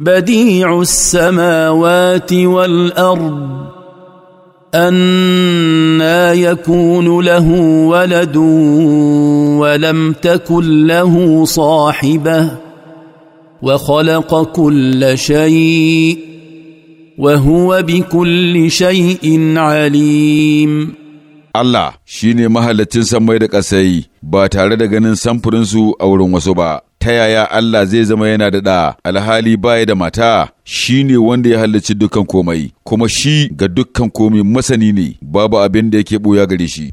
بديع السماوات والارض انا يكون له ولد ولم تكن له صاحبه وخلق كل شيء وهو بكل شيء عليم الله شيني مهلتين سمي da ƙasai ba tare da ganin samfurinsu ta yaya Allah zai zama yana da ɗa alhali baya da mata shi ne wanda ya halarci dukkan komai kuma shi ga dukkan komai masani ne babu abin da yake ɓuya gare shi